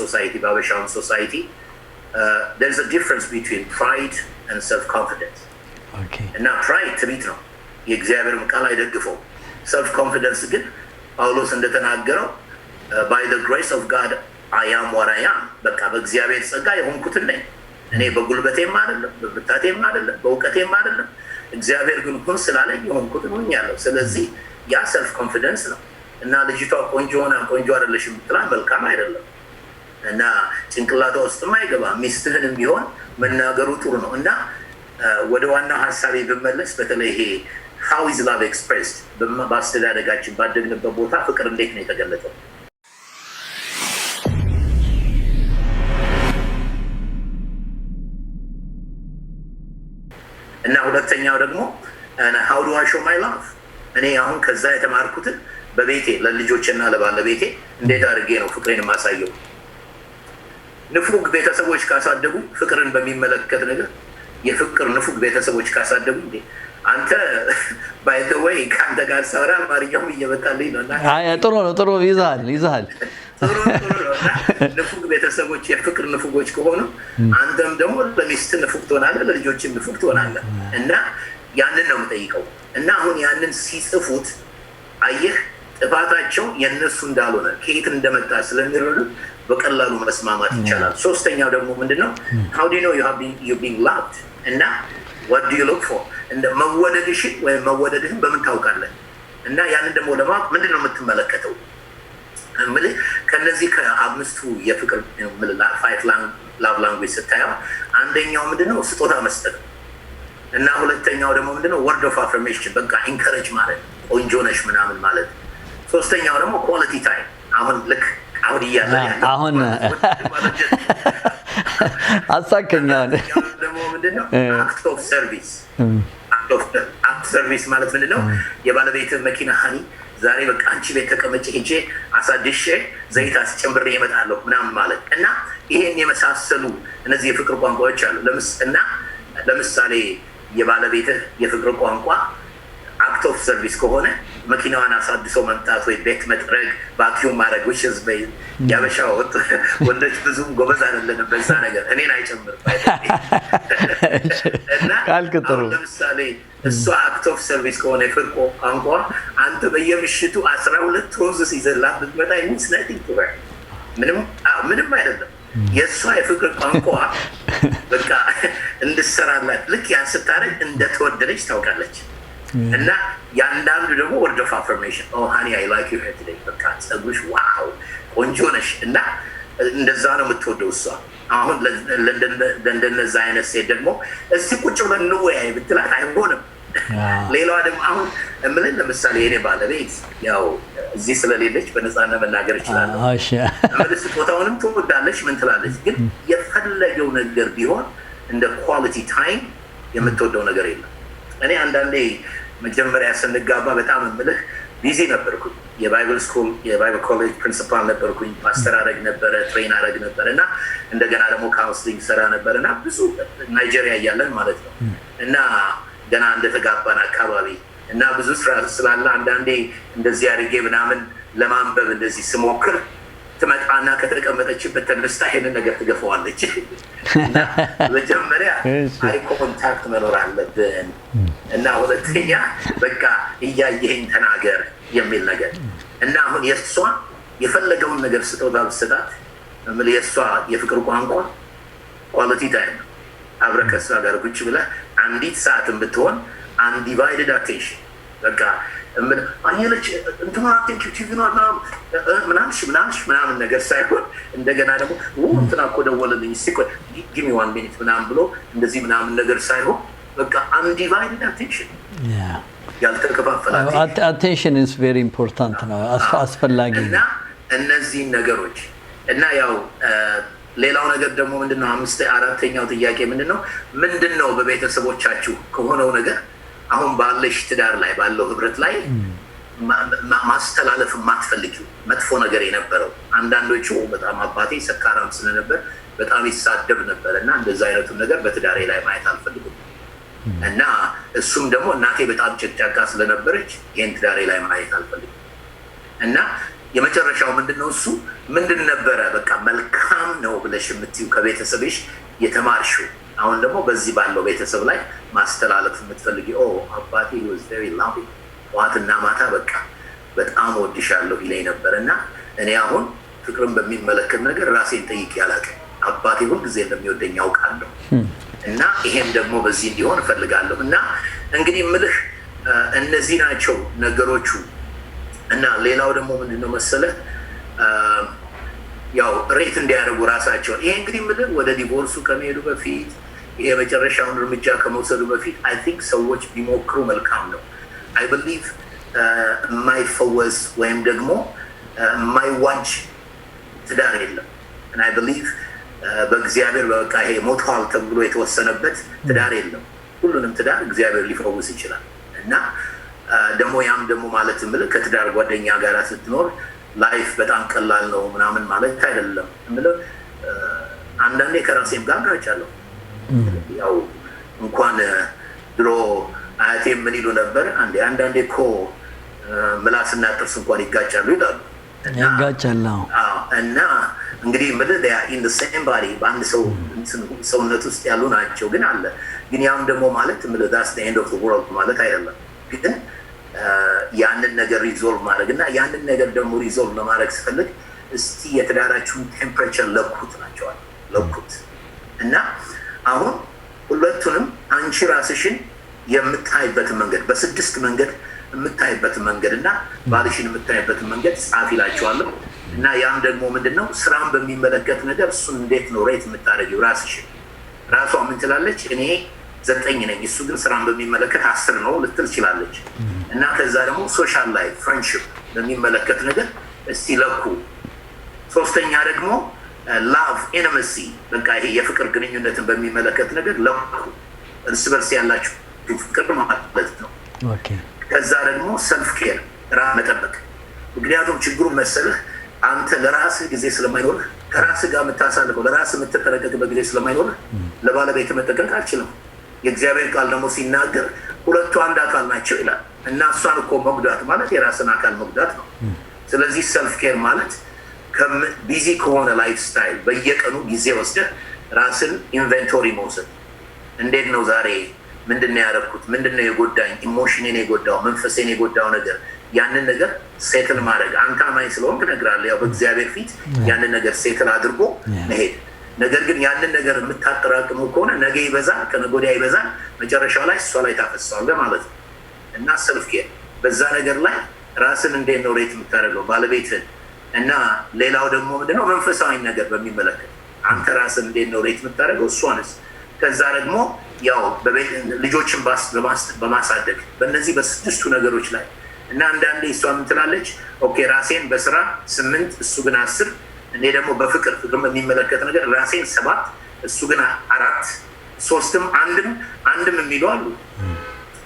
ሶሳይቲ በአበሻውም ሶሳይቲ there's a difference between pride and self confidence እና ፕራይድ ትቢት ነው፣ የእግዚአብሔርም ቃል አይደግፈውም። ሰልፍ ኮንፊደንስ ግን ጳውሎስ እንደተናገረው ባይ ዘ ግሬስ ኦፍ ጋድ አያም ወራያ በቃ በእግዚአብሔር ጸጋ የሆንኩትን ነኝ እኔ በጉልበቴም አይደለም፣ በብርታቴም አይደለም፣ በእውቀቴም አይደለም። እግዚአብሔር ግን ሁን ስላለኝ የሆንኩትን ሆኛለሁ። ስለዚህ ያ ሰልፍ ኮንፊደንስ ነው እና ልጅቷ ቆንጆ ሆና ቆንጆ አይደለሽም ብትላ መልካም አይደለም። እና ጭንቅላቷ ውስጥም አይገባ ሚስትህንም ቢሆን መናገሩ ጥሩ ነው እና ወደ ዋናው ሀሳቤ ብመለስ በተለይ ይሄ ሀው ኢዝ ላቭ ኤክስፕሬስድ በአስተዳደጋችን ባደግንበት ቦታ ፍቅር እንዴት ነው የተገለጠው? እና ሁለተኛው ደግሞ ሀው ዱ አይ ሾው ማይ ላቭ እኔ አሁን ከዛ የተማርኩትን በቤቴ ለልጆችና ለባለቤቴ እንዴት አድርጌ ነው ፍቅሬን የማሳየው? ንፉግ ቤተሰቦች ካሳደጉ ፍቅርን በሚመለከት ነገር የፍቅር ንፉግ ቤተሰቦች ካሳደጉ አንተ ባይተወይ ከአንተ ጋር ሰራ አማርኛውም እየመጣልኝ ነው። ጥሩ ነው፣ ጥሩ ይዛል ይዛል። ንፉግ ቤተሰቦች የፍቅር ንፉጎች ከሆኑ አንተም ደግሞ ለሚስት ንፉግ ትሆናለህ፣ ለልጆችም ንፉግ ትሆናለህ። እና ያንን ነው የምጠይቀው። እና አሁን ያንን ሲጽፉት አየህ ጥፋታቸው የእነሱ እንዳልሆነ ከየት እንደመጣ ስለሚረዱ በቀላሉ መስማማት hmm. ይቻላል። ሶስተኛው ደግሞ ምንድን ነው? ሀው ዲ ነው ዩ ቢንግ ላቭድ እና ዋት ዱ ዩ ሎክ ፎር እንደ መወደድሽን ወይም መወደድህን በምን ታውቃለን? እና ያንን ደግሞ ለማወቅ ምንድን ነው የምትመለከተው? ምልህ ከነዚህ ከአምስቱ የፍቅር ፋይቭ ላቭ ላንጉጅ ስታየው አንደኛው ምንድን ነው ስጦታ መስጠት እና ሁለተኛው ደግሞ ምንድነው ወርድ ኦፍ አፍርሜሽን በቃ ኢንከረጅ ማለት ቆንጆ ነሽ ምናምን ማለት። ሶስተኛው ደግሞ ኳሊቲ ታይም አሁን ልክ አሁን አሳከኛውን ደግሞ ምንድን ነው አክት ኦፍ ሰርቪስ አክት ሰርቪስ ማለት ምንድን ነው? የባለቤትህ መኪና ሀኒ ዛሬ በቃ አንቺ ቤት ተቀመጭ ሄጄ አሳድሼ ዘይት አስጨምሬ እመጣለሁ ምናምን ማለት እና ይሄን የመሳሰሉ እነዚህ የፍቅር ቋንቋዎች አሉ። እና ለምሳሌ የባለቤትህ የፍቅር ቋንቋ አክት ኦፍ ሰርቪስ ከሆነ መኪናዋን አሳድሶ መምጣት ወይ ቤት መጥረግ ቫኪዩም ማድረግ ውሽ በይ ያበሻ ወጥ ወንዶች ብዙም ጎበዝ አይደለንም በዛ ነገር እኔን አይጨምርም። እና ለምሳሌ እሷ አክት ኦፍ ሰርቪስ ከሆነ የፍቅር ቋንቋ አንተ በየምሽቱ አስራ ሁለት ሮዝ ሲዘላ ብትመጣ ሚስነት ይትበር ምንም አይደለም። የእሷ የፍቅር ቋንቋ በቃ እንድሰራላት ልክ ያን ስታደርግ እንደተወደደች ታውቃለች። እና የአንዳንዱ ደግሞ ወርድ ኦፍ አፈርሜሽን ሀኒ አይ ላይክ ዩ ሄድ ላይ በቃ ጸጉሽ ዋው ቆንጆ ነሽ እና እንደዛ ነው የምትወደው እሷ። አሁን ለእንደነዛ አይነት ሴት ደግሞ እስቲ ቁጭ ብለን እንወያይ ብትላት አይሆንም። ሌላዋ ደግሞ አሁን እምልን ለምሳሌ የኔ ባለቤት ያው እዚህ ስለሌለች በነፃነት መናገር እችላለሁ። ስጦታውንም ትወዳለች፣ ምን ትላለች። ግን የፈለገው ነገር ቢሆን እንደ ኳሊቲ ታይም የምትወደው ነገር የለም። እኔ አንዳንዴ መጀመሪያ ስንጋባ በጣም የምልህ ቢዚ ነበርኩኝ። የባይብል ስኩል የባይብል ኮሌጅ ፕሪንስፓል ነበርኩኝ። ፓስተር አረግ ነበረ፣ ትሬን አረግ ነበረ እና እንደገና ደግሞ ካውንስሊንግ ሰራ ነበር እና ብዙ ናይጄሪያ እያለን ማለት ነው እና ገና እንደተጋባን አካባቢ እና ብዙ ስራ ስላለ አንዳንዴ እንደዚህ አድርጌ ምናምን ለማንበብ እንደዚህ ስሞክር ትመጣና ከተቀመጠችበት ተነስታ ይሄንን ነገር ትገፈዋለች። መጀመሪያ አይ ኮንታክት መኖር አለብን እና ሁለተኛ በቃ እያየህኝ ተናገር የሚል ነገር እና አሁን የእሷ የፈለገውን ነገር ስጦታ ምል የእሷ የፍቅር ቋንቋ ኳሊቲ ታይም ነው። አብረህ ከእሷ ጋር ቁጭ ብለህ አንዲት ሰዓትን ብትሆን አንዲቫይድድ አቴንሽን በቃ አየለች ምናምን ነገር ሳይሆን እንደገና ደግሞ እንትና እኮ ደወለልኝ ስ ጊሚ ዋን ሚኒት ምናምን ብሎ እንደዚህ ምናምን ነገር ሳይሆን በቃ አቴንሽን አቴንሽን ቬሪ ኢምፖርታንት ነው፣ አስፈላጊ እነዚህን ነገሮች እና ያው ሌላው ነገር ደግሞ ምንድነው፣ አምስት አራተኛው ጥያቄ ምንድነው ምንድነው በቤተሰቦቻችሁ ከሆነው ነገር አሁን ባለሽ ትዳር ላይ ባለው ህብረት ላይ ማስተላለፍ የማትፈልጊው መጥፎ ነገር የነበረው አንዳንዶቹ በጣም አባቴ ሰካራም ስለነበር በጣም ይሳደብ ነበር እና እንደዛ አይነቱን ነገር በትዳሬ ላይ ማየት አልፈልግም እና እሱም ደግሞ እናቴ በጣም ጭቅጫቃ ስለነበረች ይህን ትዳሬ ላይ ማየት አልፈልግም እና የመጨረሻው ምንድነው እሱ ምንድን ነበረ በቃ መልካም ነው ብለሽ የምትዩ ከቤተሰብሽ የተማርሽው አሁን ደግሞ በዚህ ባለው ቤተሰብ ላይ ማስተላለፍ የምትፈልጊ አባቴ ወዝ ቬሪ ላቪ ጠዋትና ማታ በቃ በጣም ወድሻለሁ ይለኝ ነበር እና እኔ አሁን ፍቅርን በሚመለከት ነገር ራሴን ጠይቄ አላውቅም። አባቴ ሁልጊዜ እንደሚወደኝ አውቃለሁ hmm. እና ይሄም ደግሞ በዚህ እንዲሆን እፈልጋለሁ እና እንግዲህ ምልህ እነዚህ ናቸው ነገሮቹ እና ሌላው ደግሞ ምንድነው መሰለህ ያው ሬት እንዲያደርጉ ራሳቸውን። ይሄ እንግዲህ ምልህ ወደ ዲቮርሱ ከመሄዱ በፊት የመጨረሻውን እርምጃ ከመውሰዱ በፊት አይ ቲንክ ሰዎች ቢሞክሩ መልካም ነው። አይ ብሊቭ uh, የማይፈወስ ወይም ደግሞ uh, የማይዋጅ ትዳር የለም። አይ ብሊቭ uh, በእግዚአብሔር በቃ ይሄ ሞቷል ተብሎ የተወሰነበት ትዳር የለም። ሁሉንም ትዳር እግዚአብሔር ሊፈውስ ይችላል እና ደግሞ ያም ደግሞ ማለት ምልህ ከትዳር ጓደኛ ጋር ስትኖር ላይፍ በጣም ቀላል ነው ምናምን ማለት አይደለም። የምለው አንዳንዴ ከራሴም ጋር ጋቻለሁ። ያው እንኳን ድሮ አያቴ ምን ይሉ ነበር፣ አንዴ አንዳንዴ እኮ ምላስና ጥርስ እንኳን ይጋጫሉ ይላሉ። ያጋጫል እና እንግዲህ ምድር ኢን ሴም ባዲ በአንድ ሰው ሰውነት ውስጥ ያሉ ናቸው። ግን አለ ግን ያም ደግሞ ማለት ምድር ዳስ ኤንድ ኦፍ ወርልድ ማለት አይደለም ግን ያንን ነገር ሪዞልቭ ማድረግ እና ያንን ነገር ደግሞ ሪዞልቭ ለማድረግ ስፈልግ እስቲ የተዳራችሁን ቴምፕሬቸር ለኩት ናቸዋል ለኩት እና አሁን ሁለቱንም አንቺ ራስሽን የምታይበትን መንገድ በስድስት መንገድ የምታይበትን መንገድ እና ባልሽን የምታይበትን መንገድ ጻፍ ይላቸዋለሁ እና ያም ደግሞ ምንድን ነው ስራን በሚመለከት ነገር እሱን እንዴት ነው ሬት የምታደርጊው ራስሽን ራሷ ምን ትላለች እኔ ዘጠኝ ነኝ እሱ ግን ስራን በሚመለከት አስር ነው ልትል ችላለች። እና ከዛ ደግሞ ሶሻል ላይ ፍሬንድሽፕ በሚመለከት ነገር እስቲ ለኩ። ሶስተኛ ደግሞ ላቭ ኢንመሲ፣ በቃ ይሄ የፍቅር ግንኙነትን በሚመለከት ነገር ለኩ፣ እርስ በርስ ያላችሁ ፍቅር ማለት ነው። ከዛ ደግሞ ሰልፍ ኬር፣ ራ መጠበቅ። ምክንያቱም ችግሩ መሰልህ አንተ ለራስህ ጊዜ ስለማይኖርህ ከራስህ ጋር የምታሳልፈው ለራስህ የምትጠነቀቅበት ጊዜ ስለማይኖርህ ለባለቤት መጠቀቅ አልችልም የእግዚአብሔር ቃል ደግሞ ሲናገር ሁለቱ አንድ አካል ናቸው ይላል እና እሷን እኮ መጉዳት ማለት የራስን አካል መጉዳት ነው። ስለዚህ ሰልፍ ኬር ማለት ቢዚ ከሆነ ላይፍ ስታይል በየቀኑ ጊዜ ወስደህ ራስን ኢንቨንቶሪ መውሰድ። እንዴት ነው ዛሬ ምንድነው ያደረግኩት? ምንድነው የጎዳኝ? ኢሞሽንን የጎዳው መንፈሴን የጎዳው ነገር ያንን ነገር ሴትል ማድረግ። አንተ አማኝ ስለሆንክ እነግርሃለሁ፣ ያው በእግዚአብሔር ፊት ያንን ነገር ሴትል አድርጎ መሄድ ነገር ግን ያንን ነገር የምታጠራቅመው ከሆነ ነገ ይበዛል፣ ከነገ ወዲያ ይበዛል፣ መጨረሻው ላይ እሷ ላይ ታፈሳለህ ማለት ነው እና ሰልፍ ኬር በዛ ነገር ላይ ራስን እንዴት ነው ሬት የምታደርገው ባለቤትህን እና ሌላው ደግሞ ምንድነው መንፈሳዊ ነገር በሚመለከት አንተ ራስን እንዴት ነው ሬት የምታደርገው እሷንስ ከዛ ደግሞ ያው ልጆችን በማሳደግ በእነዚህ በስድስቱ ነገሮች ላይ እና አንዳንዴ እሷ ምን ትላለች? ኦኬ ራሴን በስራ ስምንት እሱ ግን አስር እኔ ደግሞ በፍቅር ፍቅር የሚመለከት ነገር ራሴን ሰባት እሱ ግን አራት ሶስትም አንድም አንድም የሚሉ አሉ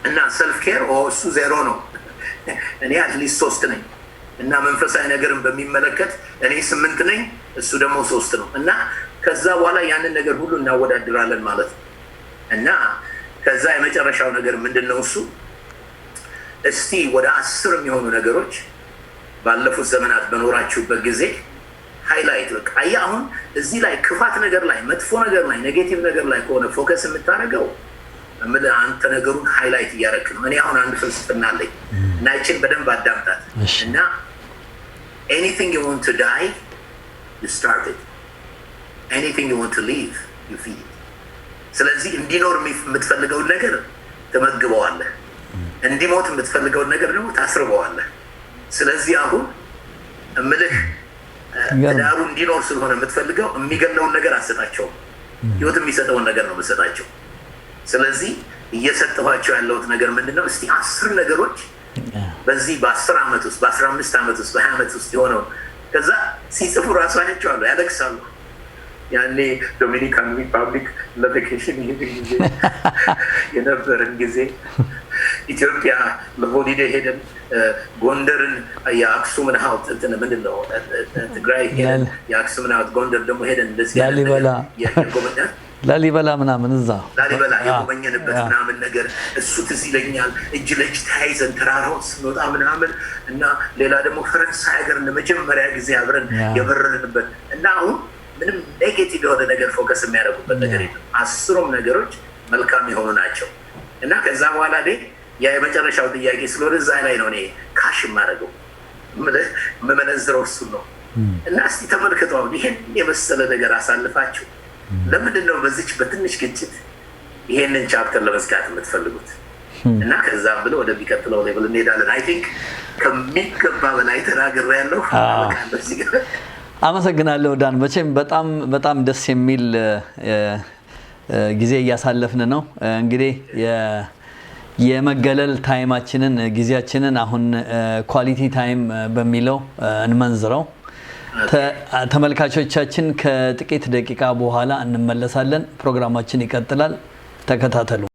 እና ሰልፍ ኬር እሱ ዜሮ ነው። እኔ አትሊስት ሶስት ነኝ እና መንፈሳዊ ነገርን በሚመለከት እኔ ስምንት ነኝ፣ እሱ ደግሞ ሶስት ነው እና ከዛ በኋላ ያንን ነገር ሁሉ እናወዳድራለን ማለት ነው እና ከዛ የመጨረሻው ነገር ምንድን ነው እሱ እስቲ ወደ አስር የሚሆኑ ነገሮች ባለፉት ዘመናት በኖራችሁበት ጊዜ ሃይላይት በቃ አየህ፣ አሁን እዚህ ላይ ክፋት ነገር ላይ መጥፎ ነገር ላይ ኔጌቲቭ ነገር ላይ ከሆነ ፎከስ የምታደርገው አንተ ነገሩን ሃይላይት እያደረክ ነው። እኔ አሁን አንድ ፍልስፍና አለኝ እና ይችን በደንብ አዳምጣት እና ኤኒቲንግ ዩ ዋንት ቱ ዳይ ዩ ስታርት ኢት ኤኒቲንግ ዩ ዋንት ቱ ሊቭ ዩ ፊድ። ስለዚህ እንዲኖር የምትፈልገውን ነገር ትመግበዋለህ፣ እንዲሞት የምትፈልገውን ነገር ደግሞ ታስርበዋለህ። ስለዚህ አሁን እምልህ ትዳሩ እንዲኖር ስለሆነ የምትፈልገው የሚገለውን ነገር አሰጣቸው፣ ህይወት የሚሰጠውን ነገር ነው የምሰጣቸው። ስለዚህ እየሰጠኋቸው ያለሁት ነገር ምንድነው ነው? አስር ነገሮች በዚህ በአስር ዓመት ውስጥ በአስራ አምስት ዓመት ውስጥ በሀያ ዓመት ውስጥ የሆነው ከዛ ሲጽፉ ራሱ አያቸዋለሁ፣ ያለቅሳሉ። ያኔ ዶሚኒካን ሪፐብሊክ ለቬኬሽን ይሄ ጊዜ የነበረን ጊዜ ኢትዮጵያ ለሆሊዴ ሄደን ጎንደርን የአክሱምን ሐውልት እንትን ምንድን ነው ትግራይ ሄደን የአክሱምን ሐውልት ጎንደር ደግሞ ሄደን ላሊበላ ላሊበላ ምናምን እዛ ላሊበላ የጎበኘንበት ምናምን ነገር እሱ ትዝ ይለኛል። እጅ ለእጅ ተያይዘን ተራራውን ስንወጣ ምናምን እና ሌላ ደግሞ ፈረንሳይ ሀገር ለመጀመሪያ ጊዜ አብረን የበረርንበት እና አሁን ምንም ኔጌቲቭ የሆነ ነገር ፎከስ የሚያደርጉበት ነገር የለም። አስሩም ነገሮች መልካም የሆኑ ናቸው እና ከዛ በኋላ ላይ ያ የመጨረሻው ጥያቄ ስለሆነ እዛ ላይ ነው እኔ ካሽ የማደርገው የምመነዝረው እሱን ነው። እና እስቲ ተመልክተው ይህን የመሰለ ነገር አሳልፋችሁ ለምንድን ነው በዚች በትንሽ ግጭት ይሄንን ቻፕተር ለመዝጋት የምትፈልጉት? እና ከዛም ብሎ ወደሚቀጥለው ሌብል እንሄዳለን። አይ ቲንክ ከሚገባ በላይ ተናግሬ ያለው አመሰግናለሁ። ዳን መቼም በጣም በጣም ደስ የሚል ጊዜ እያሳለፍን ነው እንግዲህ የመገለል ታይማችንን ጊዜያችንን አሁን ኳሊቲ ታይም በሚለው እንመንዝረው። ተመልካቾቻችን ከጥቂት ደቂቃ በኋላ እንመለሳለን። ፕሮግራማችን ይቀጥላል። ተከታተሉ።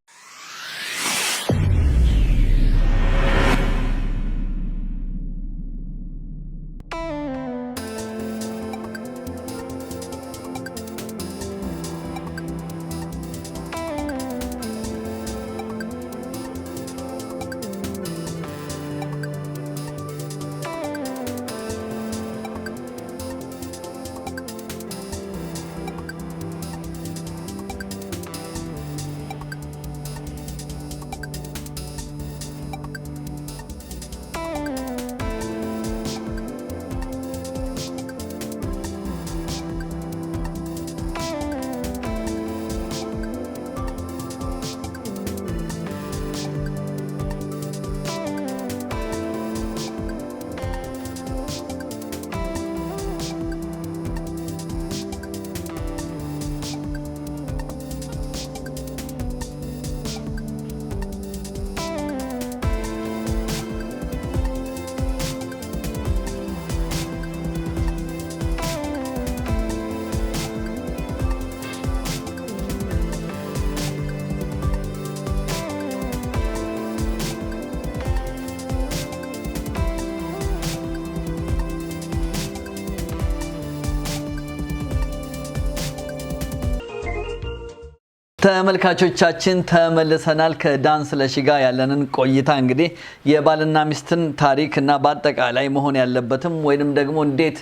ተመልካቾቻችን ተመልሰናል። ከዳን ስለሺ ጋር ያለንን ቆይታ እንግዲህ የባልና ሚስትን ታሪክ እና በአጠቃላይ መሆን ያለበትም ወይንም ደግሞ እንዴት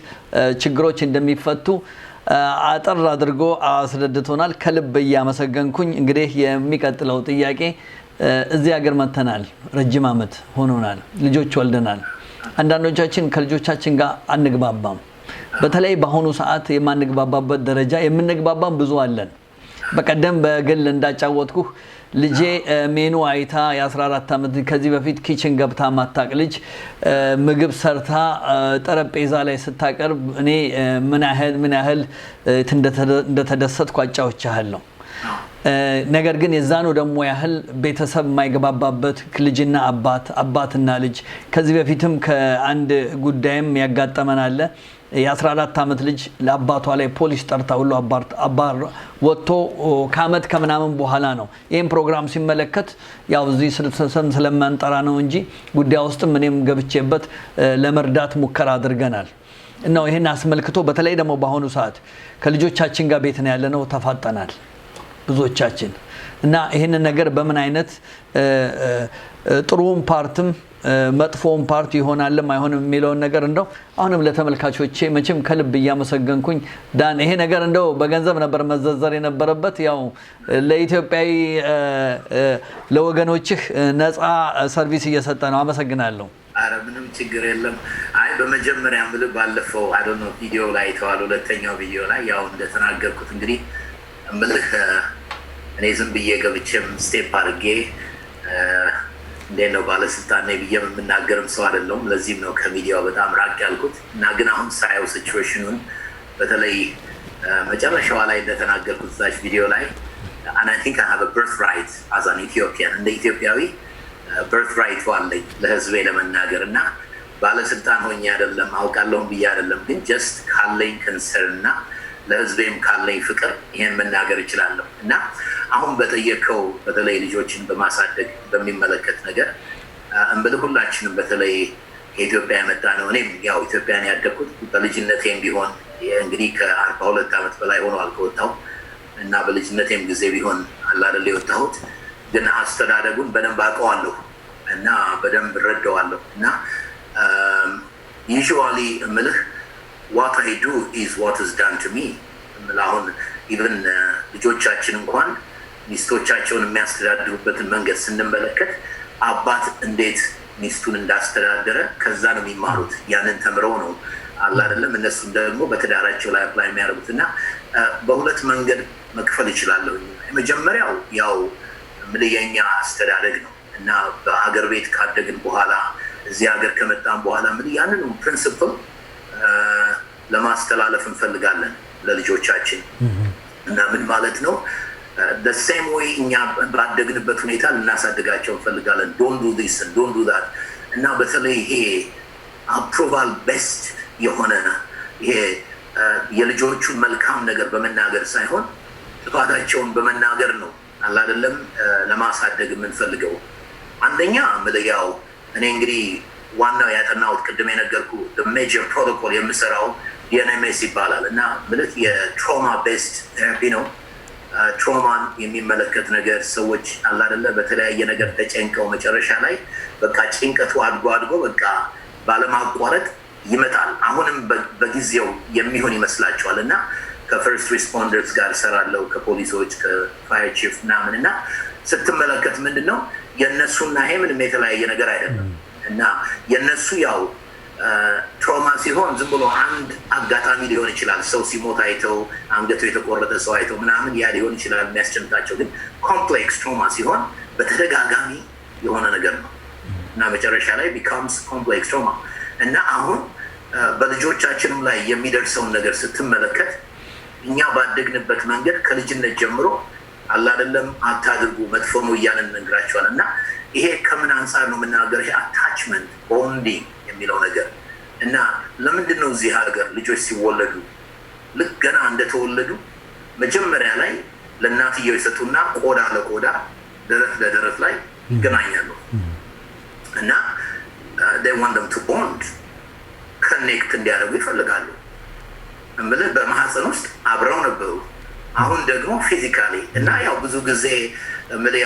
ችግሮች እንደሚፈቱ አጠር አድርጎ አስረድቶናል። ከልብ እያመሰገንኩኝ እንግዲህ የሚቀጥለው ጥያቄ እዚህ ሀገር መጥተናል፣ ረጅም ዓመት ሆኖናል፣ ልጆች ወልደናል። አንዳንዶቻችን ከልጆቻችን ጋር አንግባባም። በተለይ በአሁኑ ሰዓት የማንግባባበት ደረጃ የምንግባባም ብዙ አለን በቀደም በግል እንዳጫወትኩ ልጄ ሜኑ አይታ የ14 ዓመት ከዚህ በፊት ኪችን ገብታ ማታቅ ልጅ ምግብ ሰርታ ጠረጴዛ ላይ ስታቀርብ እኔ ምን ያህል ምን ያህል እንደተደሰትኩ አጫውቻህል ነው። ነገር ግን የዛኑ ደግሞ ያህል ቤተሰብ የማይገባባበት ልጅና አባት አባትና ልጅ ከዚህ በፊትም ከአንድ ጉዳይም ያጋጠመናለ የ14 ዓመት ልጅ ለአባቷ ላይ ፖሊስ ጠርታ ሁሉ አባር ወጥቶ ከአመት ከምናምን በኋላ ነው። ይህም ፕሮግራም ሲመለከት ያው እዚህ ስልሰሰን ስለማንጠራ ነው እንጂ ጉዳይ ውስጥም እኔም ገብቼበት ለመርዳት ሙከራ አድርገናል። እና ይህን አስመልክቶ በተለይ ደግሞ በአሁኑ ሰዓት ከልጆቻችን ጋር ቤት ነው ያለነው፣ ተፋጠናል ብዙዎቻችን እና ይህንን ነገር በምን አይነት ጥሩውን ፓርትም መጥፎውን ፓርቲ ይሆናልም አይሆንም የሚለውን ነገር እንደው አሁንም ለተመልካቾቼ መቼም ከልብ እያመሰገንኩኝ ዳን፣ ይሄ ነገር እንደው በገንዘብ ነበር መዘርዘር የነበረበት። ያው ለኢትዮጵያዊ ለወገኖችህ ነፃ ሰርቪስ እየሰጠ ነው። አመሰግናለሁ። አረ ምንም ችግር የለም። አይ በመጀመሪያ ምል ባለፈው አዶነ ቪዲዮ ላይ ተዋል ሁለተኛው ቪዲዮ ላይ ያው እንደተናገርኩት እንግዲህ ምልህ እኔ ዝም ብዬ ገብቼም ስቴፕ አድርጌ እንዴት ነው ባለስልጣን ነኝ ብዬ የምናገርም ሰው አይደለሁም። ለዚህም ነው ከሚዲያው በጣም ራቅ ያልኩት እና ግን አሁን ሳየው ሲትዌሽኑን በተለይ መጨረሻዋ ላይ እንደተናገርኩት ዛች ቪዲዮ ላይ አይ ቲንክ አይ ራይት ኢትዮጵያን እንደ ኢትዮጵያዊ ብርት ራይት አለኝ ለህዝቤ ለመናገር እና ባለስልጣን ሆኜ አይደለም አውቃለሁም ብዬ አይደለም ግን ጀስት ካለኝ ከንሰር እና ለህዝቤም ካለኝ ፍቅር ይህን መናገር እችላለሁ እና አሁን በጠየቀው በተለይ ልጆችን በማሳደግ በሚመለከት ነገር እንብል ሁላችንም በተለይ ከኢትዮጵያ የመጣ ነው። እኔም ያው ኢትዮጵያን ያደግኩት በልጅነቴም ቢሆን እንግዲህ ከአርባ ሁለት ዓመት በላይ ሆኖ አልከወጣሁ እና በልጅነቴም ጊዜ ቢሆን አላደል የወጣሁት ግን አስተዳደጉን በደንብ አውቀዋለሁ እና በደንብ እረዳዋለሁ እና ዩዥዋሊ እምልህ ዋት አይ ዱ ኢዝ ዋት ኢዝ ዳን ቱ ሚ አሁን ኢቨን uh, ልጆቻችን እንኳን ሚስቶቻቸውን የሚያስተዳድሩበትን መንገድ ስንመለከት አባት እንዴት ሚስቱን እንዳስተዳደረ ከዛ ነው የሚማሩት። ያንን ተምረው ነው አለ አይደለም። እነሱም ደግሞ በትዳራቸው ላይ አፕላይ የሚያደርጉት እና uh, በሁለት መንገድ መክፈል ይችላለሁ። የመጀመሪያው ያው ምልየኛ አስተዳደግ ነው እና በሀገር ቤት ካደግን በኋላ እዚህ ሀገር ከመጣን በኋላ ምን ያንን ፕሪንስፕል ለማስተላለፍ እንፈልጋለን ለልጆቻችን እና ምን ማለት ነው? ሴም uh, ወይ እኛ ባደግንበት ሁኔታ ልናሳድጋቸው እንፈልጋለን። ዶንዱ ዲስ ዶንዱ እና በተለይ ይሄ አፕሮቫል ቤስት የሆነ ይሄ uh, የልጆቹን መልካም ነገር በመናገር ሳይሆን ጥፋታቸውን በመናገር ነው አላደለም uh, ለማሳደግ የምንፈልገው። አንደኛ ምልያው እኔ እንግዲህ ዋናው ያጠናውት ቅድም የነገርኩ ሜጀር ፕሮቶኮል የምሰራው የኤንኤምኤስ ይባላል እና ምልክ የትሮማ ቤስድ ቴራፒ ነው። ትሮማን የሚመለከት ነገር ሰዎች አላደለ በተለያየ ነገር ተጨንቀው መጨረሻ ላይ በቃ ጭንቀቱ አድጎ አድጎ በቃ ባለማቋረጥ ይመጣል። አሁንም በጊዜው የሚሆን ይመስላቸዋል እና ከፈርስት ሪስፖንደርስ ጋር ሰራለው ከፖሊሶች ከፋየር ቺፍ ምናምን እና ስትመለከት ምንድን ነው የእነሱና ይሄ ምንም የተለያየ ነገር አይደለም እና የእነሱ ያው ትሮማ ሲሆን ዝም ብሎ አንድ አጋጣሚ ሊሆን ይችላል። ሰው ሲሞት አይተው አንገቱ የተቆረጠ ሰው አይተው ምናምን ያ ሊሆን ይችላል የሚያስጨምታቸው። ግን ኮምፕሌክስ ትሮማ ሲሆን በተደጋጋሚ የሆነ ነገር ነው እና መጨረሻ ላይ ቢካምስ ኮምፕሌክስ ትሮማ እና አሁን በልጆቻችንም ላይ የሚደርሰውን ነገር ስትመለከት እኛ ባደግንበት መንገድ ከልጅነት ጀምሮ አላደለም አታድርጉ መጥፎ ነው እያለን ነግራቸዋል እና ይሄ ከምን አንጻር ነው የምናገር? አታችመንት ቦንዲንግ የሚለው ነገር እና ለምንድን ነው እዚህ ሀገር ልጆች ሲወለዱ ልክ ገና እንደተወለዱ መጀመሪያ ላይ ለእናትየው የሰጡና ቆዳ ለቆዳ ደረት ለደረት ላይ ይገናኛሉ እና ዋንደም ቱ ቦንድ ከኔክት እንዲያደርጉ ይፈልጋሉ። እምልህ በማህፀን ውስጥ አብረው ነበሩ። አሁን ደግሞ ፊዚካሊ እና ያው ብዙ ጊዜ የምልህ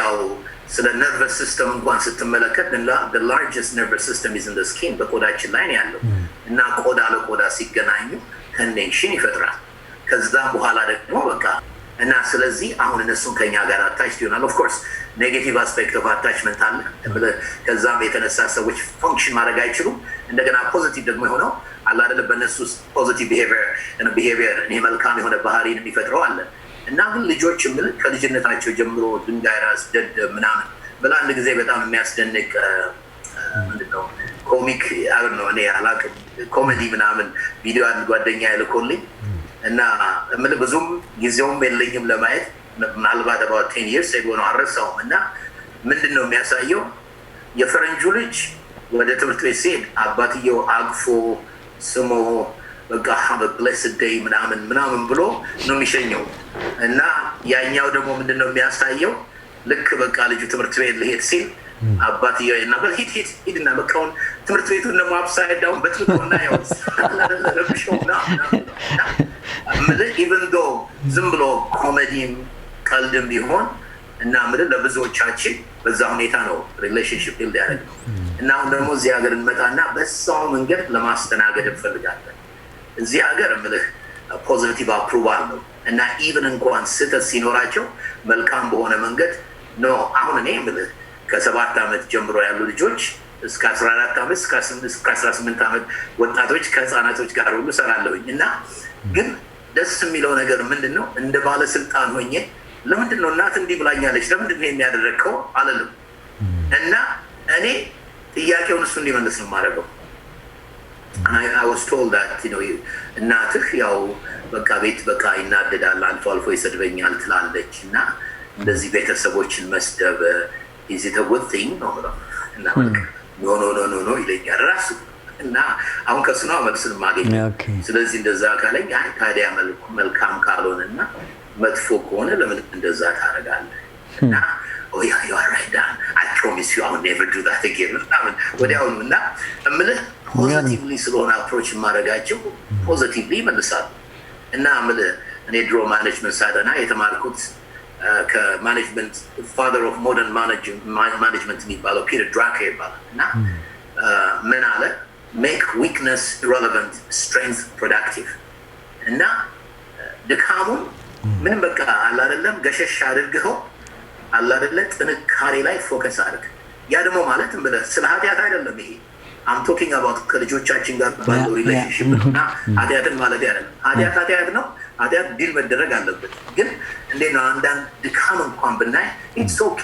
ስለ ነርቨስ ሲስተም እንኳን ስትመለከት ላርጀስት ነርቨስ ሲስተም ኢዝ ኢን ዘ ስኪን በቆዳችን ላይ ነው ያለው hmm. እና ቆዳ ለቆዳ ሲገናኙ ኮኔክሽን ይፈጥራል። ከዛ በኋላ ደግሞ በቃ እና ስለዚህ አሁን እነሱን ከኛ ጋር አታች ይሆናል። ኦፍኮርስ ኔጌቲቭ አስፔክት ኦፍ አታችመንት አለ። hmm. ከዛም የተነሳ ሰዎች ፋንክሽን ማድረግ አይችሉም። እንደገና ፖዚቲቭ ደግሞ የሆነው አላደለ በእነሱ ውስጥ ፖዚቲቭ ቢሄቪየር ይሄ መልካም የሆነ ባህሪን የሚፈጥረው አለን እና ግን ልጆች ምን ከልጅነታቸው ጀምሮ ድንጋይ ራስ ደድ ምናምን ብላ አንድ ጊዜ በጣም የሚያስደንቅ ምንድነው ኮሚክ አብር ነው እኔ አላቅም ኮሜዲ ምናምን ቪዲዮ አንድ ጓደኛ ያልኮልኝ እና ምን ብዙም ጊዜውም የለኝም ለማየት ምናልባት ባ ቴን ይርስ የሆነው አልረሳውም። እና ምንድን ነው የሚያሳየው የፈረንጁ ልጅ ወደ ትምህርት ቤት ሲሄድ አባትየው አግፎ ስሞ በቃ ደይ ምናምን ምናምን ብሎ ነው የሚሸኘው። እና ያኛው ደግሞ ምንድን ነው የሚያሳየው? ልክ በቃ ልጁ ትምህርት ቤት ልሄድ ሲል አባትየው እና ሂድ ሂድ ሂድ እና በቃ ትምህርት ቤቱን ደግሞ አብሳይድ ዳውን በትልቆና ያውረብሸውና ኢቨን ዶ ዝም ብሎ ኮሜዲም ቀልድም ቢሆን እና ምድር ለብዙዎቻችን በዛ ሁኔታ ነው ሪሌሽንሽፕ ሊያደርግ ነው። እና አሁን ደግሞ እዚህ ሀገር እንመጣና በዛው መንገድ ለማስተናገድ እንፈልጋለን። እዚህ ሀገር ምልህ ፖዘቲቭ አፕሩቫል ነው እና ኢቨን እንኳን ስህተት ሲኖራቸው መልካም በሆነ መንገድ ኖ አሁን እኔ ምልህ ከሰባት ዓመት ጀምሮ ያሉ ልጆች እስከ 14 ዓመት እስከ አስራ ዓመት ወጣቶች ከህፃናቶች ጋር ሁሉ ሰራለሁኝ እና ግን ደስ የሚለው ነገር ምንድን ነው እንደ ባለስልጣን ሆኜ ለምንድን ነው እናት እንዲህ ብላኛለች ለምንድን ነው የሚያደረግከው አለልም እና እኔ ጥያቄውን እሱ እንዲመልስ ነው የማደርገው እናትህ ያው በቃ ቤት በቃ ይናደዳል፣ አልፎ አልፎ ይሰድበኛል ትላለች እና እንደዚህ ቤተሰቦችን መስደብ ይዘተወጥኝ ነው ብለው hmm. ኖ ኖ ኖ ኖ ይለኛል ራሱ እና አሁን ከሱ ነው መልስን ማገኝ። ስለዚህ እንደዛ ካለኝ አይ ታዲያ መልካም ካልሆነ እና መጥፎ ከሆነ ለምን እንደዛ ታደርጋለህ? Hmm. እና ኦያ ዩ አር ራይት ዱ ዛት አጌን ወዲያውኑ እና እምልህ ፖዘቲቭሊ ስለሆነ አፕሮች የማደርጋቸው ፖዘቲቭሊ ይመልሳሉ። እና ምል እኔ ድሮ ማኔጅመንት ሳጠና የተማርኩት ከማኔጅመንት ፋዘር ኦፍ ሞደርን ማኔጅመንት የሚባለው ፒተር ድራከር ይባላል። እና ምን አለ ሜክ ዊክነስ ኢረለቨንት ስትሬንግዝ ፕሮዳክቲቭ እና ድካሙን ምንም በቃ አላደለም ገሸሽ አድርግኸው አላደለ ጥንካሬ ላይ ፎከስ አድርግ። ያ ደግሞ ማለት ብለ ስለ ኃጢአት አይደለም ይሄ አምቶኪንግ አባት ከልጆቻችን ጋር ባለው ሪሌሽንሽፕ mm-hmm. እና mm-hmm. ኃጢአትን ማለት ያለ ኃጢአት ኃጢአት ነው። ኃጢአት ዲል መደረግ አለበት። ግን እንዴ ነው አንዳንድ ድካም እንኳን ብናይ ኢትስ ኦኬ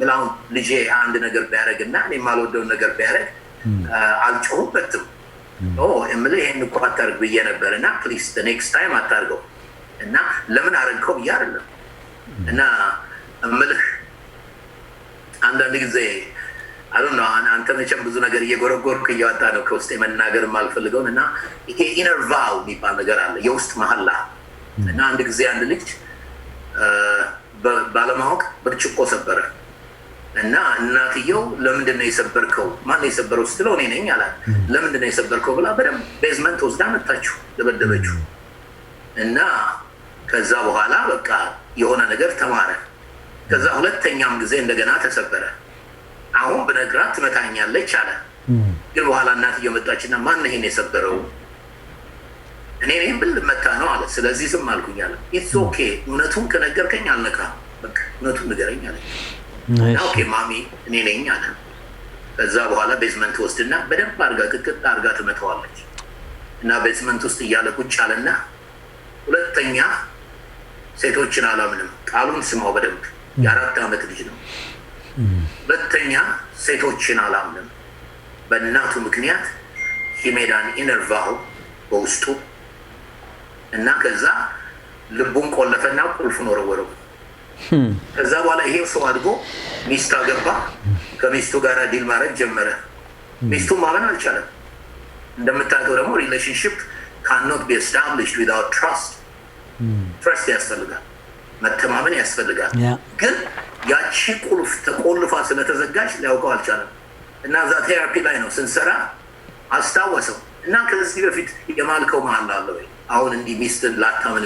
ምላሁን ልጄ አንድ ነገር ቢያደረግ እና እኔ የማልወደውን ነገር ቢያደርግ mm-hmm. አልጮሁበትም። የምልህ ይህን እኮ አታርግ ብዬ ነበር እና ፕሊስ ኔክስት ታይም አታርገው እና ለምን አረግከው ብዬ አይደለም እና እምልህ አንዳንድ ጊዜ አሉ ነው። አንተ መቼም ብዙ ነገር እየጎረጎርክ እያወጣ ነው ከውስጥ የመናገር የማልፈልገውን እና ይሄ ኢነር ቫው የሚባል ነገር አለ የውስጥ መሀላ እና አንድ ጊዜ አንድ ልጅ ባለማወቅ ብርጭቆ ሰበረ እና እናትየው ለምንድን ነው የሰበርከው? ማን ነው የሰበረው ስትለው እኔ ነኝ አላት። ለምንድን ነው የሰበርከው ብላ በደንብ ቤዝመንት ወስዳ መታችሁ ደበደበችሁ። እና ከዛ በኋላ በቃ የሆነ ነገር ተማረ። ከዛ ሁለተኛም ጊዜ እንደገና ተሰበረ። አሁን ብነግራት ትመታኛለች አለ። ግን በኋላ እናትየው መጣችና ማን ይሄን የሰበረው እኔ ይህም ብል መታ ነው አለ። ስለዚህ ዝም አልኩኝ አለ። ኢትስ ኦኬ እውነቱን ከነገርከኝ አልነካም፣ እውነቱን ንገረኝ አለ። ኦኬ ማሚ እኔ ነኝ አለ። ከዛ በኋላ ቤዝመንት ወስድና በደንብ አርጋ ቅቅጥ አርጋ ትመተዋለች እና ቤዝመንት ውስጥ እያለ ቁጭ አለና ሁለተኛ ሴቶችን አላምንም ቃሉን ስማው በደንብ የአራት ዓመት ልጅ ነው ሁለተኛ ሴቶችን አላምንም። በእናቱ ምክንያት ሂሜዳን ኢነርቫሁ በውስጡ እና ከዛ ልቡን ቆለፈና ቁልፉን ወረወረው። ከዛ በኋላ ይሄ ሰው አድጎ ሚስት አገባ። ከሚስቱ ጋር ዲል ማድረግ ጀመረ። ሚስቱን ማመን አልቻለም። እንደምታውቀው ደግሞ ሪሌሽንሽፕ ካኖት ቢ ስታብሊሽ ዊዛውት ትራስት ትረስት ያስፈልጋል። መተማመን ያስፈልጋል። ግን ያቺ ቁልፍ ተቆልፋ ስለተዘጋጅ ሊያውቀው አልቻለም እና እዛ ቴራፒ ላይ ነው ስንሰራ አስታወሰው እና ከዚህ በፊት የማልከው መሀል አለ ወይ አሁን እንዲህ ሚስትን ላታምን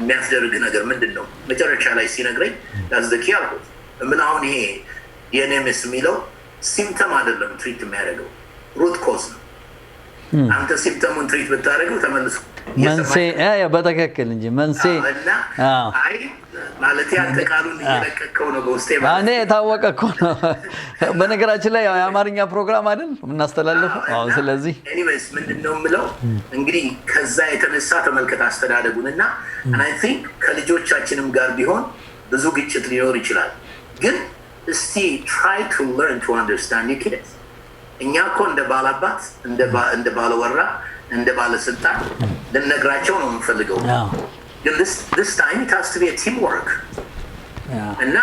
የሚያስደርግ ነገር ምንድን ነው? መጨረሻ ላይ ሲነግረኝ ያዝደኪ አልኩት። ምን አሁን ይሄ የኔምስ የሚለው ሲምተም አይደለም ትሪት የሚያደርገው ሩት ኮዝ ነው። አንተ ሲምተሙን ትሪት ብታደርገው ተመልሶ መንሴ በትክክል እንጂ መንሴ ማለት ያጠቃሉን እየለቀቀው ነው በውስጤ እኔ የታወቀ እኮ ነው። በነገራችን ላይ የአማርኛ ፕሮግራም አይደል የምናስተላልፈው። አሁን ስለዚህ ኤኒዌይስ ምንድን ነው የምለው እንግዲህ ከዛ የተነሳ ተመልከት አስተዳደጉን እና አይ ቲንክ ከልጆቻችንም ጋር ቢሆን ብዙ ግጭት ሊኖር ይችላል። ግን እስቲ ትራይ ቱ ለርን ቱ አንደርስታንድ ዩ ኪድስ እኛ እኮ እንደ ባላባት እንደ ባለወራ እንደ ባለስልጣን ልነግራቸው ነው የምፈልገው። ግን ታይም ታስ ቲም ወርክ እና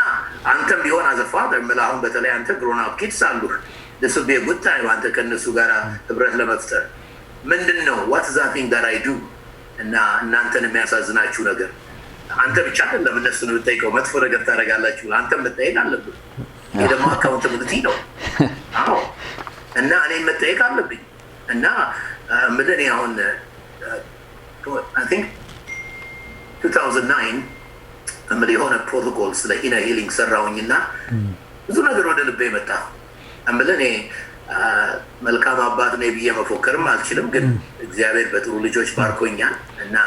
አንተም ቢሆን አዘፋደር ምላ አሁን በተለይ አንተ ግሮን ኪድስ አሉህ ስ ቤ ጉድ አንተ ከእነሱ ጋር ህብረት ለመፍጠር ምንድን ነው ዋት ዛቲንግ ጋር አይዱ እና እናንተን የሚያሳዝናችሁ ነገር አንተ ብቻ አይደለም እነሱን የምጠይቀው መጥፎ ነገር ታደርጋላችሁ አንተ መጠየቅ አለብህ። ይህ ደግሞ አካውንታብሊቲ ነው እና እኔ መጠየቅ አለብኝ እና Uh, uh, uh, I think 2009 ምል የሆነ ፕሮቶኮል ስለ ሂነ ሂሊንግ ሰራውኝ እና ብዙ ነገር ወደ ልቤ መጣ። ምል መልካም አባት ነኝ ብዬ መፎከርም አልችልም፣ ግን እግዚአብሔር በጥሩ ልጆች ባርኮኛል እና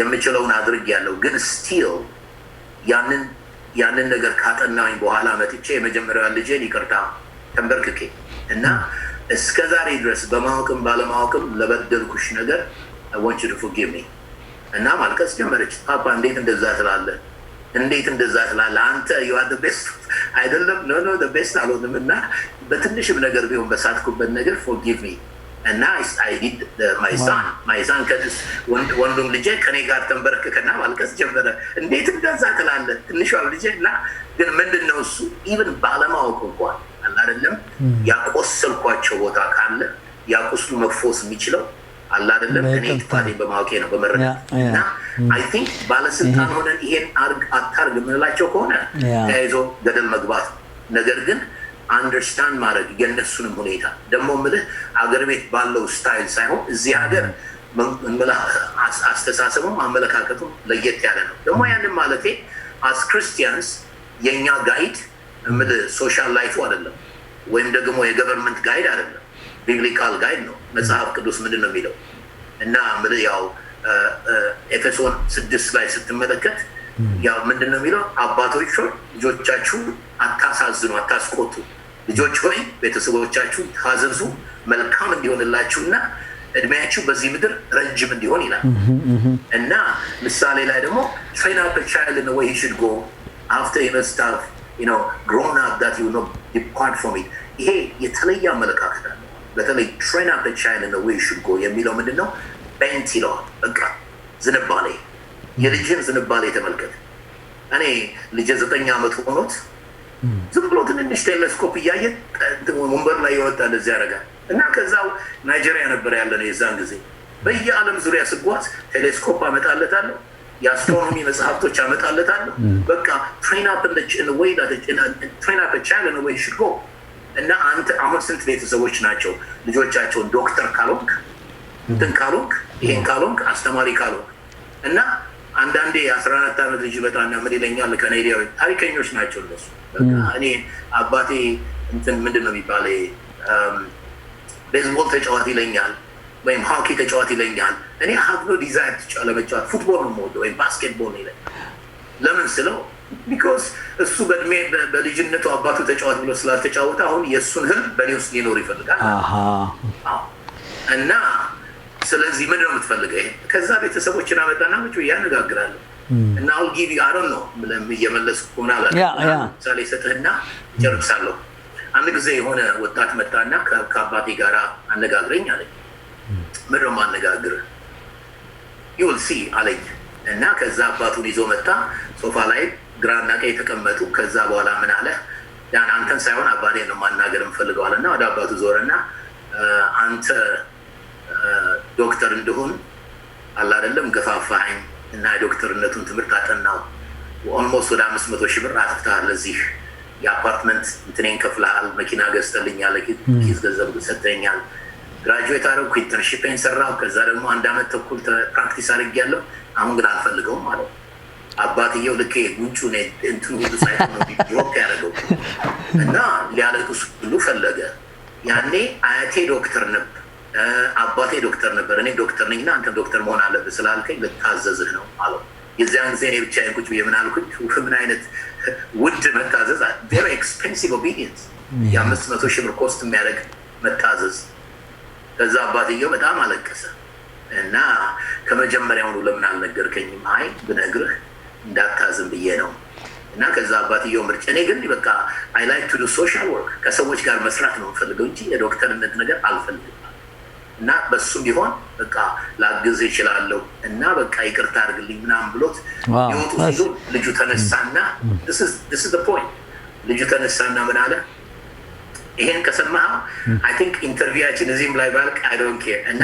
የምችለውን ያለው ግን ስቲል ያንን ያንን ነገር ካጠናኝ በኋላ መጥቼ የመጀመሪያዋን ልጄን ይቅርታ ተንበርክኬ እና እስከ ዛሬ ድረስ በማወቅም ባለማወቅም ለበደልኩሽ ነገር ወንች ድፉ ጌሚ እና ማልቀስ ጀመረች። ፓፓ እንዴት እንደዛ ስላለ እንዴት እንደዛ ስላለ አንተ ዩአር ቤስት አይደለም ኖ ኖ ቤስት አልሆንም። እና በትንሽም ነገር ቢሆን በሳትኩበት ነገር ፎርጊቭ ሚ እና አይዲድ ማይዛን ማይዛን ማይሳን ወንዱም ልጄ ከኔ ጋር ተንበረክከና ማልቀስ ጀመረ። እንዴት እንደዛ ትላለ ትንሿ ልጄ እና ግን ምንድን ነው እሱ ኢቨን ባለማወቅ እንኳን አይደለም ያቆሰልኳቸው ቦታ ካለ ያቁስሉ መፎስ የሚችለው አለ አይደለም። እኔ ጥፋቴን በማወቄ ነው በመረዳት እና አይ ቲንክ ባለስልጣን ሆነን ይሄን አርግ አታርግ የምንላቸው ከሆነ ተያይዞ ገደል መግባት ነገር ግን አንደርስታንድ ማድረግ የነሱንም ሁኔታ ደግሞ ምልህ አገር ቤት ባለው ስታይል ሳይሆን እዚህ ሀገር አስተሳሰቡም አመለካከቱም ለየት ያለ ነው። ደግሞ ያንን ማለቴ አስ ክርስቲያንስ የእኛ ጋይድ የምልህ ሶሻል ላይፉ አይደለም፣ ወይም ደግሞ የገቨርንመንት ጋይድ አይደለም። ቢብሊካል ጋይድ ነው። መጽሐፍ ቅዱስ ምንድን ነው የሚለው እና የምልህ ያው ኤፌሶን ስድስት ላይ ስትመለከት ያው ምንድን ነው የሚለው አባቶች ሆይ ልጆቻችሁ አታሳዝኑ፣ አታስቆጡ። ልጆች ሆይ ቤተሰቦቻችሁ ታዘዙ፣ መልካም እንዲሆንላችሁ እና እድሜያችሁ በዚህ ምድር ረጅም እንዲሆን ይላል እና ምሳሌ ላይ ደግሞ ትሬን አፕ ቻይልድ ኢን ዘ ዌይ ጎ አፍተር ግሮን አፕ ዳት ዩ ኖት ዲፓርት ፍሮም ኢት። ይሄ የተለየ አመለካከት አለ። በተለይ ትሬን አፕ ቻይልድ ነው ወይ ሽጎ የሚለው ምንድን ነው? በንት ይለዋል። በቃ ዝንባሌ፣ የልጅህን ዝንባሌ ተመልከት። እኔ ልጄ ዘጠኝ ዓመት ሆኖት ዝም ብሎ ትንንሽ ቴሌስኮፕ እያየ ወንበር ላይ የወጣ እንደዚህ ያደርጋል። እና ከዛው ናይጄሪያ ነበር ያለ ነው የዛን ጊዜ በየዓለም ዙሪያ ስጓዝ ቴሌስኮፕ አመጣለታለሁ የአስትሮኖሚ መጽሐፍቶች አመጣለታለሁ። በቃ ትሬን አፕ እና አንተ አሁን ስንት ቤተሰቦች ናቸው ልጆቻቸውን ዶክተር ካልሆንክ እንትን ካልሆንክ ይሄን ካልሆንክ አስተማሪ ካልሆንክ እና አንዳንዴ የአስራ አራት ዓመት ልጅ በጣና ምን ይለኛል ከናይዲያዊ ታሪከኞች ናቸው እነሱ። እኔ አባቴ እንትን ምንድን ነው የሚባለው ቤዝቦል ተጫዋት ይለኛል ወይም ሀኪ ተጫዋት ይለኛል። እኔ ሀብሎ ዲዛይር ለመጫወት ፉትቦል ነው የምወደው ወይም ባስኬትቦል ነው ይለኛል። ለምን ስለው ቢኮዝ እሱ በእድሜ በልጅነቱ አባቱ ተጫዋት ብሎ ስላልተጫወተ አሁን የእሱን ህልም በእኔ ውስጥ ሊኖር ይፈልጋል እና ስለዚህ ምንድነው የምትፈልገ የምትፈልገው? ከዛ ቤተሰቦችን አመጣና ምጭ እያነጋግራለሁ እና አሁን ጊቢ አረን ነው ብለም እየመለስ ሆነ ለምሳሌ ሰጥህና ጨርሳለሁ። አንድ ጊዜ የሆነ ወጣት መጣና ከአባቴ ጋር አነጋግረኝ አለኝ። ምን ነው የማነጋግርህ ዩል ሲ አለኝ እና ከዛ አባቱን ይዞ መጣ። ሶፋ ላይ ግራና ቀኝ የተቀመጡ። ከዛ በኋላ ምን አለ ያን አንተን ሳይሆን አባቴ ነው ማናገር እንፈልገዋል እና ወደ አባቱ ዞረና አንተ ዶክተር እንደሆን አላደለም ገፋፋኝ እና የዶክተርነቱን ትምህርት አጠናው ኦልሞስት ወደ አምስት መቶ ሺህ ብር አጥፍተሃል። ለዚህ የአፓርትመንት እንትኔን ከፍልሃል፣ መኪና ገዝተልኛል፣ ኪስ ገንዘብ ሰጥተኛል ግራጁዌት አደረኩ፣ ኢንተርንሺፕን ሰራሁ። ከዛ ደግሞ አንድ አመት ተኩል ፕራክቲስ ያለው አሁን ግን አልፈልገውም ማለት አባትየው ልክ ጉንጩ እንትን ሁሉ ሳይሆን ያደረገው እና ሊያለቅሱ ሁሉ ፈለገ። ያኔ አያቴ ዶክተር ነበር፣ አባቴ ዶክተር ነበር። እኔ ዶክተር ነኝና አንተ ዶክተር መሆን አለብህ ስላልከኝ ልታዘዝህ ነው አለው። የዚያን ጊዜ እኔ ብቻ ቁጭ ብዬ ምን አልኩኝ? ምን አይነት ውድ መታዘዝ! ቬሪ ኤክስፔንሲቭ ኦቢዲየንስ የአምስት መቶ ሺህ ብር ኮስት የሚያደርግ መታዘዝ ከዛ አባትየው በጣም አለቀሰ እና ከመጀመሪያውኑ ለምን አልነገርከኝም? አይ ብነግርህ እንዳታዝም ብዬ ነው። እና ከዛ አባትየው ምርጭ እኔ ግን በቃ አይ ላይክ ቱ ዱ ሶሻል ወርክ ከሰዎች ጋር መስራት ነው ፈልገው እንጂ የዶክተርነት ነገር አልፈልግም። እና በሱም ቢሆን በቃ ላግዝ ይችላለሁ እና በቃ ይቅርታ አድርግልኝ ምናምን ብሎት ይወጡ ሲሉ ልጁ ተነሳና ልጁ ተነሳና ምን አለ ይሄን ከሰማኸው አይ ቲንክ ኢንተርቪዋችን እዚህም ላይ ባልቅ አይዶን ኬር እና